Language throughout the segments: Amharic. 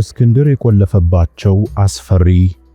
እስክንድር የቆለፈባቸው አስፈሪ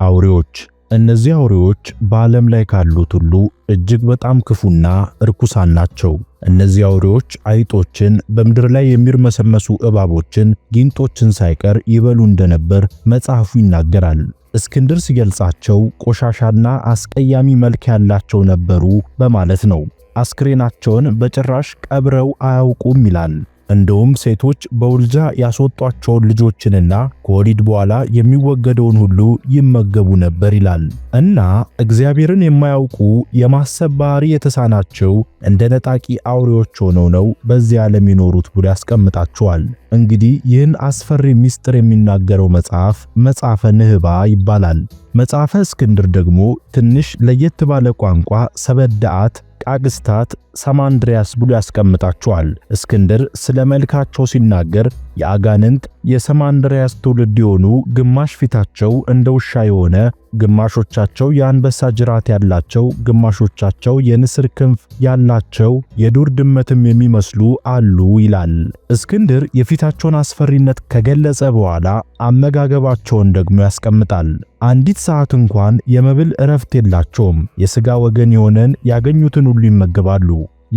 አውሬዎች። እነዚህ አውሬዎች በዓለም ላይ ካሉት ሁሉ እጅግ በጣም ክፉና እርኩሳን ናቸው። እነዚህ አውሬዎች አይጦችን፣ በምድር ላይ የሚርመሰመሱ እባቦችን፣ ጊንጦችን ሳይቀር ይበሉ እንደነበር መጽሐፉ ይናገራል። እስክንድር ሲገልጻቸው ቆሻሻና አስቀያሚ መልክ ያላቸው ነበሩ በማለት ነው። አስክሬናቸውን በጭራሽ ቀብረው አያውቁም ይላል። እንደውም ሴቶች በውልጃ ያስወጧቸውን ልጆችንና ከወሊድ በኋላ የሚወገደውን ሁሉ ይመገቡ ነበር ይላል። እና እግዚአብሔርን የማያውቁ የማሰብ ባህሪ የተሳናቸው እንደ ነጣቂ አውሬዎች ሆነው ነው በዚህ ዓለም የኖሩት ብሎ ያስቀምጣቸዋል። እንግዲህ ይህን አስፈሪ ምስጢር የሚናገረው መጽሐፍ መጽሐፈ ንህባ ይባላል። መጽሐፈ እስክንድር ደግሞ ትንሽ ለየት ባለ ቋንቋ ሰበዳአት፣ ቃግስታት፣ ሰማንድሪያስ ብሎ ያስቀምጣቸዋል። እስክንድር ስለ መልካቸው ሲናገር የአጋንንት የሰማንድሪያስ ትውልድ የሆኑ ግማሽ ፊታቸው እንደ ውሻ የሆነ ግማሾቻቸው የአንበሳ ጅራት ያላቸው፣ ግማሾቻቸው የንስር ክንፍ ያላቸው የዱር ድመትም የሚመስሉ አሉ ይላል። እስክንድር የፊታቸውን አስፈሪነት ከገለጸ በኋላ አመጋገባቸውን ደግሞ ያስቀምጣል። አንዲት ሰዓት እንኳን የመብል እረፍት የላቸውም። የሥጋ ወገን የሆነን ያገኙትን ሁሉ ይመገባሉ።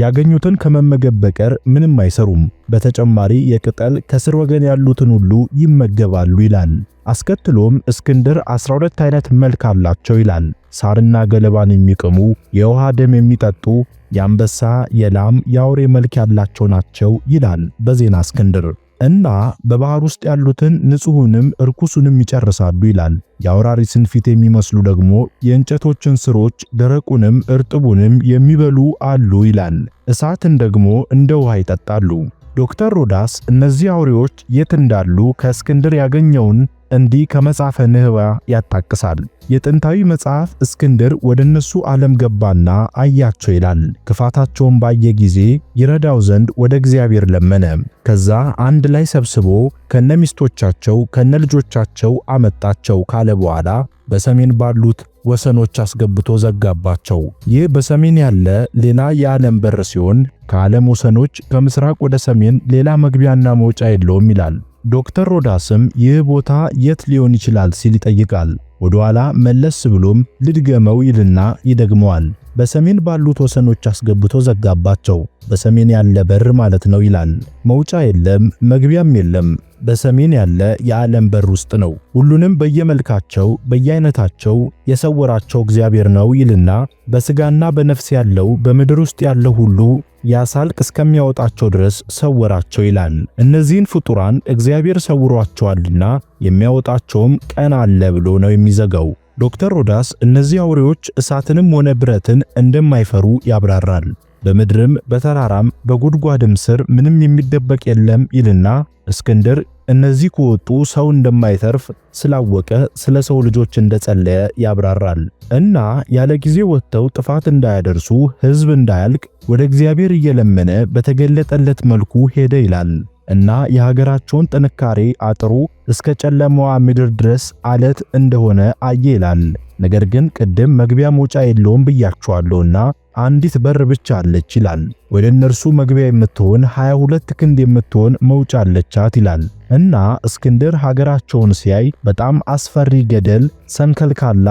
ያገኙትን ከመመገብ በቀር ምንም አይሰሩም። በተጨማሪ የቅጠል ከስር ወገን ያሉትን ሁሉ ይመገባሉ ይላል። አስከትሎም እስክንድር 12 አይነት መልክ አላቸው ይላል። ሳርና ገለባን የሚቅሙ የውሃ ደም የሚጠጡ የአንበሳ፣ የላም፣ የአውሬ መልክ ያላቸው ናቸው ይላል በዜና እስክንድር እና በባህር ውስጥ ያሉትን ንጹሑንም እርኩሱንም ይጨርሳሉ ይላል። የአውራሪስን ፊት የሚመስሉ ደግሞ የእንጨቶችን ስሮች ደረቁንም እርጥቡንም የሚበሉ አሉ ይላል። እሳትን ደግሞ እንደ ውሃ ይጠጣሉ። ዶክተር ሮዳስ እነዚህ አውሬዎች የት እንዳሉ ከእስክንድር ያገኘውን እንዲህ ከመጽሐፈ ንህዋ ያጣቅሳል። የጥንታዊ መጽሐፍ እስክንድር ወደ እነሱ ዓለም ገባና አያቸው ይላል። ክፋታቸውን ባየ ጊዜ ይረዳው ዘንድ ወደ እግዚአብሔር ለመነ። ከዛ አንድ ላይ ሰብስቦ ከነሚስቶቻቸው ልጆቻቸው አመጣቸው ካለ በኋላ በሰሜን ባሉት ወሰኖች አስገብቶ ዘጋባቸው። ይህ በሰሜን ያለ ሌላ የዓለም በር ሲሆን ከዓለም ወሰኖች ከምስራቅ ወደ ሰሜን ሌላ መግቢያና መውጫ የለውም ይላል። ዶክተር ሮዳስም ይህ ቦታ የት ሊሆን ይችላል ሲል ይጠይቃል። ወደኋላ መለስ ብሎም ልድገመው ይልና ይደግመዋል። በሰሜን ባሉት ወሰኖች አስገብቶ ዘጋባቸው። በሰሜን ያለ በር ማለት ነው ይላል። መውጫ የለም፣ መግቢያም የለም። በሰሜን ያለ የዓለም በር ውስጥ ነው። ሁሉንም በየመልካቸው በየአይነታቸው የሰወራቸው እግዚአብሔር ነው ይልና በስጋና በነፍስ ያለው በምድር ውስጥ ያለው ሁሉ ያሳልቅ እስከሚያወጣቸው ድረስ ሰወራቸው ይላል። እነዚህን ፍጡራን እግዚአብሔር ሰውሯቸዋልና የሚያወጣቸውም ቀን አለ ብሎ ነው የሚዘጋው። ዶክተር ሮዳስ እነዚህ አውሬዎች እሳትንም ሆነ ብረትን እንደማይፈሩ ያብራራል። በምድርም በተራራም በጉድጓድም ስር ምንም የሚደበቅ የለም ይልና እስክንድር እነዚህ ከወጡ ሰው እንደማይተርፍ ስላወቀ ስለ ሰው ልጆች እንደጸለየ ያብራራል። እና ያለ ጊዜ ወጥተው ጥፋት እንዳያደርሱ ሕዝብ እንዳያልቅ ወደ እግዚአብሔር እየለመነ በተገለጠለት መልኩ ሄደ ይላል። እና የሀገራቸውን ጥንካሬ አጥሩ እስከ ጨለማዋ ምድር ድረስ አለት እንደሆነ አየ ይላል። ነገር ግን ቅድም መግቢያ መውጫ የለውም ብያችኋለሁና አንዲት በር ብቻ አለች ይላል። ወደ እነርሱ መግቢያ የምትሆን 22 ክንድ የምትሆን መውጫ አለቻት ይላል። እና እስክንድር ሀገራቸውን ሲያይ በጣም አስፈሪ ገደል፣ ሰንከልካላ፣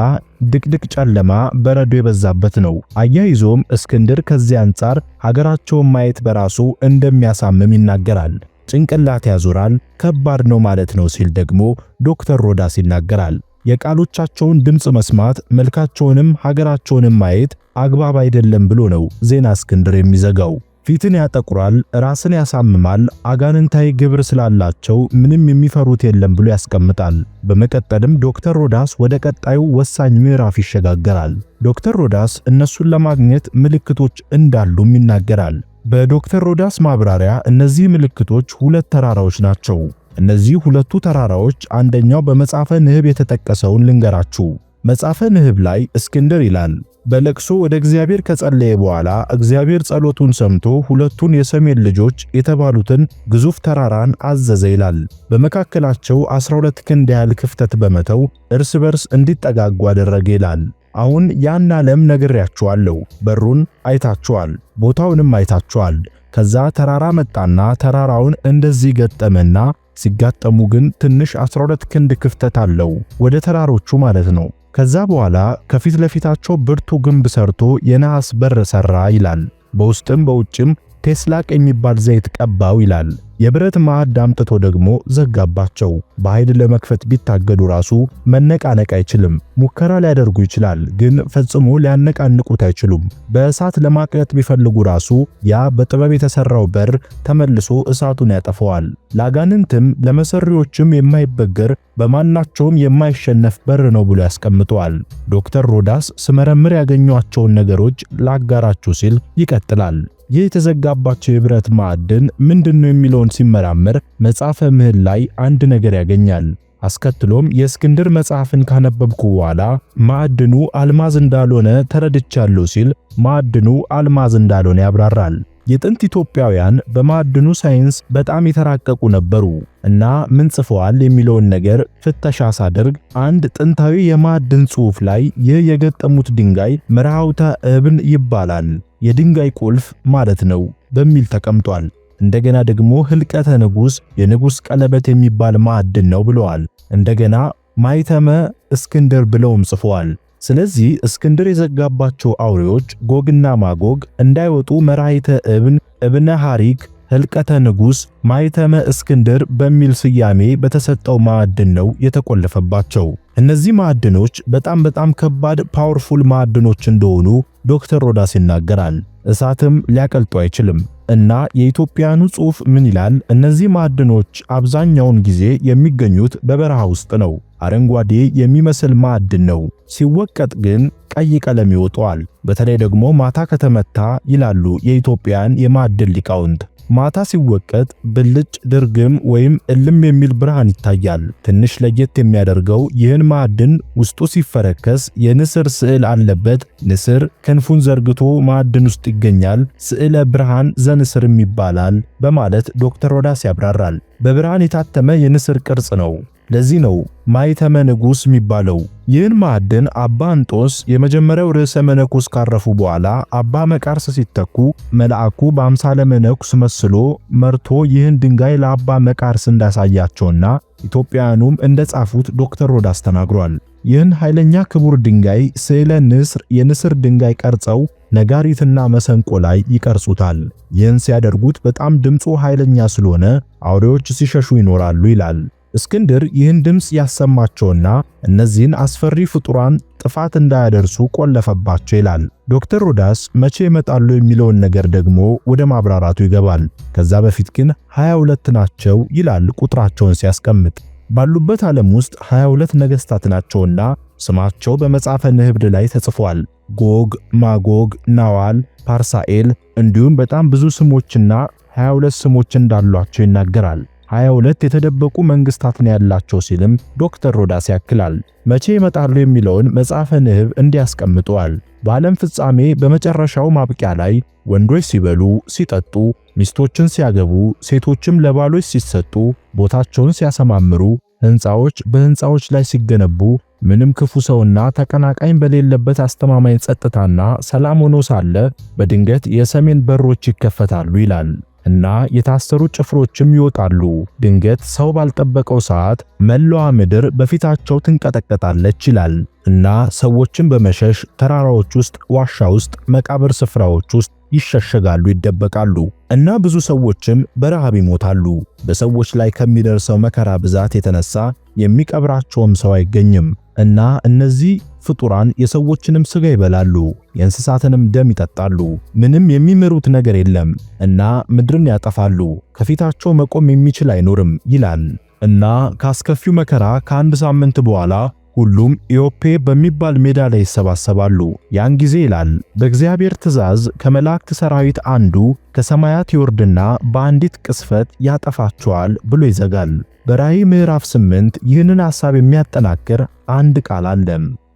ድቅድቅ ጨለማ፣ በረዶ የበዛበት ነው። አያይዞም እስክንድር ከዚህ አንጻር ሀገራቸውን ማየት በራሱ እንደሚያሳምም ይናገራል። ጭንቅላት ያዙራል፣ ከባድ ነው ማለት ነው ሲል ደግሞ ዶክተር ሮዳስ ይናገራል። የቃሎቻቸውን ድምፅ መስማት መልካቸውንም ሀገራቸውንም ማየት አግባብ አይደለም ብሎ ነው ዜና እስክንድር የሚዘጋው። ፊትን ያጠቁራል፣ ራስን ያሳምማል፣ አጋንንታዊ ግብር ስላላቸው ምንም የሚፈሩት የለም ብሎ ያስቀምጣል። በመቀጠልም ዶክተር ሮዳስ ወደ ቀጣዩ ወሳኝ ምዕራፍ ይሸጋገራል። ዶክተር ሮዳስ እነሱን ለማግኘት ምልክቶች እንዳሉም ይናገራል። በዶክተር ሮዳስ ማብራሪያ እነዚህ ምልክቶች ሁለት ተራራዎች ናቸው። እነዚህ ሁለቱ ተራራዎች አንደኛው በመጽሐፈ ንህብ የተጠቀሰውን ልንገራችሁ። መጽሐፈ ንህብ ላይ እስክንድር ይላል በለቅሶ ወደ እግዚአብሔር ከጸለየ በኋላ እግዚአብሔር ጸሎቱን ሰምቶ ሁለቱን የሰሜን ልጆች የተባሉትን ግዙፍ ተራራን አዘዘ ይላል። በመካከላቸው 12 ክንድ ያህል ክፍተት በመተው እርስ በርስ እንዲጠጋጉ አደረገ ይላል። አሁን ያን ዓለም ነግሬያችኋለሁ። በሩን አይታችኋል፣ ቦታውንም አይታችኋል። ከዛ ተራራ መጣና ተራራውን እንደዚህ ገጠመና ሲጋጠሙ ግን ትንሽ 12 ክንድ ክፍተት አለው ወደ ተራሮቹ ማለት ነው። ከዛ በኋላ ከፊት ለፊታቸው ብርቱ ግንብ ሰርቶ የነሐስ በር ሰራ ይላል። በውስጥም በውጭም ቴስላቅ የሚባል ዘይት ቀባው ይላል። የብረት ማዕድ አምጥቶ ደግሞ ዘጋባቸው። በኃይል ለመክፈት ቢታገዱ ራሱ መነቃነቅ አይችልም። ሙከራ ሊያደርጉ ይችላል፣ ግን ፈጽሞ ሊያነቃንቁት አይችሉም። በእሳት ለማቅለጥ ቢፈልጉ ራሱ ያ በጥበብ የተሰራው በር ተመልሶ እሳቱን ያጠፈዋል። ላጋንንትም ለመሰሪዎችም የማይበገር በማናቸውም የማይሸነፍ በር ነው ብሎ ያስቀምጠዋል። ዶክተር ሮዳስ ስመረምር ያገኟቸውን ነገሮች ላጋራችሁ ሲል ይቀጥላል። ይህ የተዘጋባቸው የብረት ማዕድን ምንድነው የሚለውን ሲመራመር መጽሐፈ ምህል ላይ አንድ ነገር ያገኛል። አስከትሎም የእስክንድር መጽሐፍን ካነበብኩ በኋላ ማዕድኑ አልማዝ እንዳልሆነ ተረድቻለሁ ሲል ማዕድኑ አልማዝ እንዳልሆነ ያብራራል። የጥንት ኢትዮጵያውያን በማዕድኑ ሳይንስ በጣም የተራቀቁ ነበሩ እና ምን ጽፈዋል የሚለውን ነገር ፍተሻ ሳደርግ አንድ ጥንታዊ የማዕድን ጽሑፍ ላይ ይህ የገጠሙት ድንጋይ መርሃውታ እብን ይባላል። የድንጋይ ቁልፍ ማለት ነው በሚል ተቀምጧል። እንደገና ደግሞ ህልቀተ ንጉስ የንጉስ ቀለበት የሚባል ማዕድን ነው ብለዋል። እንደገና ማይተመ እስክንድር ብለውም ጽፈዋል። ስለዚህ እስክንድር የዘጋባቸው አውሬዎች ጎግና ማጎግ እንዳይወጡ መራይተ እብን እብነ ሐሪክ ህልቀተ ንጉሥ ማይተመ እስክንድር በሚል ስያሜ በተሰጠው ማዕድን ነው የተቆለፈባቸው። እነዚህ ማዕድኖች በጣም በጣም ከባድ ፓወርፉል ማዕድኖች እንደሆኑ ዶክተር ሮዳስ ይናገራል። እሳትም ሊያቀልጡ አይችልም። እና የኢትዮጵያኑ ጽሑፍ ምን ይላል? እነዚህ ማዕድኖች አብዛኛውን ጊዜ የሚገኙት በበረሃ ውስጥ ነው። አረንጓዴ የሚመስል ማዕድን ነው፣ ሲወቀጥ ግን ቀይ ቀለም ይወጣዋል። በተለይ ደግሞ ማታ ከተመታ ይላሉ የኢትዮጵያን የማዕድን ሊቃውንት። ማታ ሲወቀጥ ብልጭ ድርግም ወይም እልም የሚል ብርሃን ይታያል። ትንሽ ለየት የሚያደርገው ይህን ማዕድን ውስጡ ሲፈረከስ የንስር ስዕል አለበት። ንስር ክንፉን ዘርግቶ ማዕድን ውስጥ ይገኛል። ስዕለ ብርሃን ዘንስርም ይባላል በማለት ዶክተር ሮዳስ ያብራራል። በብርሃን የታተመ የንስር ቅርጽ ነው። ለዚህ ነው ማይተመ ንጉሥ የሚባለው። ይህን ማዕድን አባ እንጦስ የመጀመሪያው ርዕሰ መነኩስ ካረፉ በኋላ አባ መቃርስ ሲተኩ መልአኩ በአምሳለ መነኩስ መስሎ መርቶ ይህን ድንጋይ ለአባ መቃርስ እንዳሳያቸውና ኢትዮጵያውያኑም እንደጻፉት ዶክተር ሮዳስ ተናግሯል። ይህን ኃይለኛ ክቡር ድንጋይ ስዕለ ንስር የንስር ድንጋይ ቀርጸው ነጋሪትና መሰንቆ ላይ ይቀርጹታል። ይህን ሲያደርጉት በጣም ድምፁ ኃይለኛ ስለሆነ አውሬዎች ሲሸሹ ይኖራሉ ይላል። እስክንድር ይህን ድምፅ ያሰማቸውና እነዚህን አስፈሪ ፍጡራን ጥፋት እንዳያደርሱ ቆለፈባቸው ይላል። ዶክተር ሮዳስ መቼ ይመጣሉ የሚለውን ነገር ደግሞ ወደ ማብራራቱ ይገባል። ከዛ በፊት ግን 22 ናቸው ይላል ቁጥራቸውን ሲያስቀምጥ። ባሉበት ዓለም ውስጥ 22 ነገስታት ናቸውና ስማቸው በመጽሐፈ ንህብድ ላይ ተጽፏል። ጎግ፣ ማጎግ፣ ናዋል፣ ፓርሳኤል እንዲሁም በጣም ብዙ ስሞችና 22 ስሞች እንዳሏቸው ይናገራል። 22 የተደበቁ መንግስታትን ያላቸው ሲልም ዶክተር ሮዳስ ያክላል። መቼ ይመጣሉ የሚለውን መጽሐፈ ንህብ እንዲያስቀምጠዋል። በዓለም ፍጻሜ በመጨረሻው ማብቂያ ላይ ወንዶች ሲበሉ፣ ሲጠጡ፣ ሚስቶችን ሲያገቡ፣ ሴቶችም ለባሎች ሲሰጡ፣ ቦታቸውን ሲያሰማምሩ፣ ህንፃዎች በህንፃዎች ላይ ሲገነቡ፣ ምንም ክፉ ሰውና ተቀናቃኝ በሌለበት አስተማማኝ ጸጥታና ሰላም ሆኖ ሳለ በድንገት የሰሜን በሮች ይከፈታሉ ይላል። እና የታሰሩ ጭፍሮችም ይወጣሉ። ድንገት ሰው ባልጠበቀው ሰዓት መላዋ ምድር በፊታቸው ትንቀጠቀጣለች ይላል እና ሰዎችን በመሸሽ ተራራዎች ውስጥ፣ ዋሻ ውስጥ፣ መቃብር ስፍራዎች ውስጥ ይሸሸጋሉ፣ ይደበቃሉ እና ብዙ ሰዎችም በረሃብ ይሞታሉ። በሰዎች ላይ ከሚደርሰው መከራ ብዛት የተነሳ የሚቀብራቸውም ሰው አይገኝም እና እነዚህ ፍጡራን የሰዎችንም ስጋ ይበላሉ፣ የእንስሳትንም ደም ይጠጣሉ። ምንም የሚምሩት ነገር የለም እና ምድርን ያጠፋሉ፣ ከፊታቸው መቆም የሚችል አይኖርም ይላል። እና ከአስከፊው መከራ ከአንድ ሳምንት በኋላ ሁሉም ኢዮፔ በሚባል ሜዳ ላይ ይሰባሰባሉ። ያን ጊዜ ይላል፣ በእግዚአብሔር ትእዛዝ ከመላእክት ሰራዊት አንዱ ከሰማያት ይወርድና በአንዲት ቅስፈት ያጠፋቸዋል ብሎ ይዘጋል። በራእይ ምዕራፍ 8 ይህንን ሐሳብ የሚያጠናክር አንድ ቃል አለ።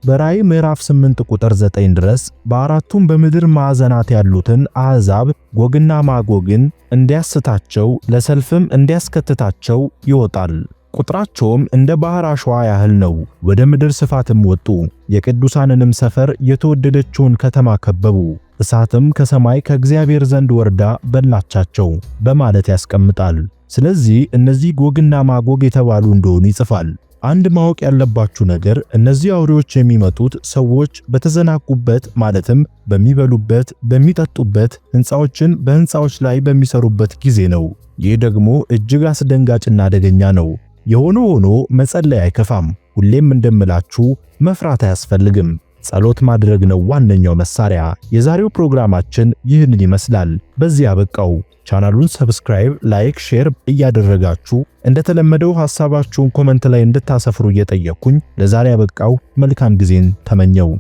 በራእይ ምዕራፍ 8 ቁጥር 9 ድረስ በአራቱም በምድር ማዕዘናት ያሉትን አሕዛብ ጎግና ማጎግን እንዲያስታቸው ለሰልፍም እንዲያስከትታቸው ይወጣል። ቁጥራቸውም እንደ ባህር አሸዋ ያህል ነው። ወደ ምድር ስፋትም ወጡ፣ የቅዱሳንንም ሰፈር የተወደደችውን ከተማ ከበቡ። እሳትም ከሰማይ ከእግዚአብሔር ዘንድ ወርዳ በላቻቸው በማለት ያስቀምጣል። ስለዚህ እነዚህ ጎግና ማጎግ የተባሉ እንደሆኑ ይጽፋል። አንድ ማወቅ ያለባችሁ ነገር እነዚህ አውሬዎች የሚመጡት ሰዎች በተዘናጉበት ማለትም በሚበሉበት፣ በሚጠጡበት፣ ህንፃዎችን በህንፃዎች ላይ በሚሰሩበት ጊዜ ነው። ይህ ደግሞ እጅግ አስደንጋጭና አደገኛ ነው። የሆነ ሆኖ መጸለይ አይከፋም። ሁሌም እንደምላችሁ መፍራት አያስፈልግም። ጸሎት ማድረግ ነው ዋነኛው መሳሪያ። የዛሬው ፕሮግራማችን ይህንን ይመስላል። በዚህ አበቃው። ቻናሉን ሰብስክራይብ፣ ላይክ፣ ሼር እያደረጋችሁ እንደተለመደው ሐሳባችሁን ኮመንት ላይ እንድታሰፍሩ እየጠየቅኩኝ ለዛሬ አበቃው። መልካም ጊዜን ተመኘው።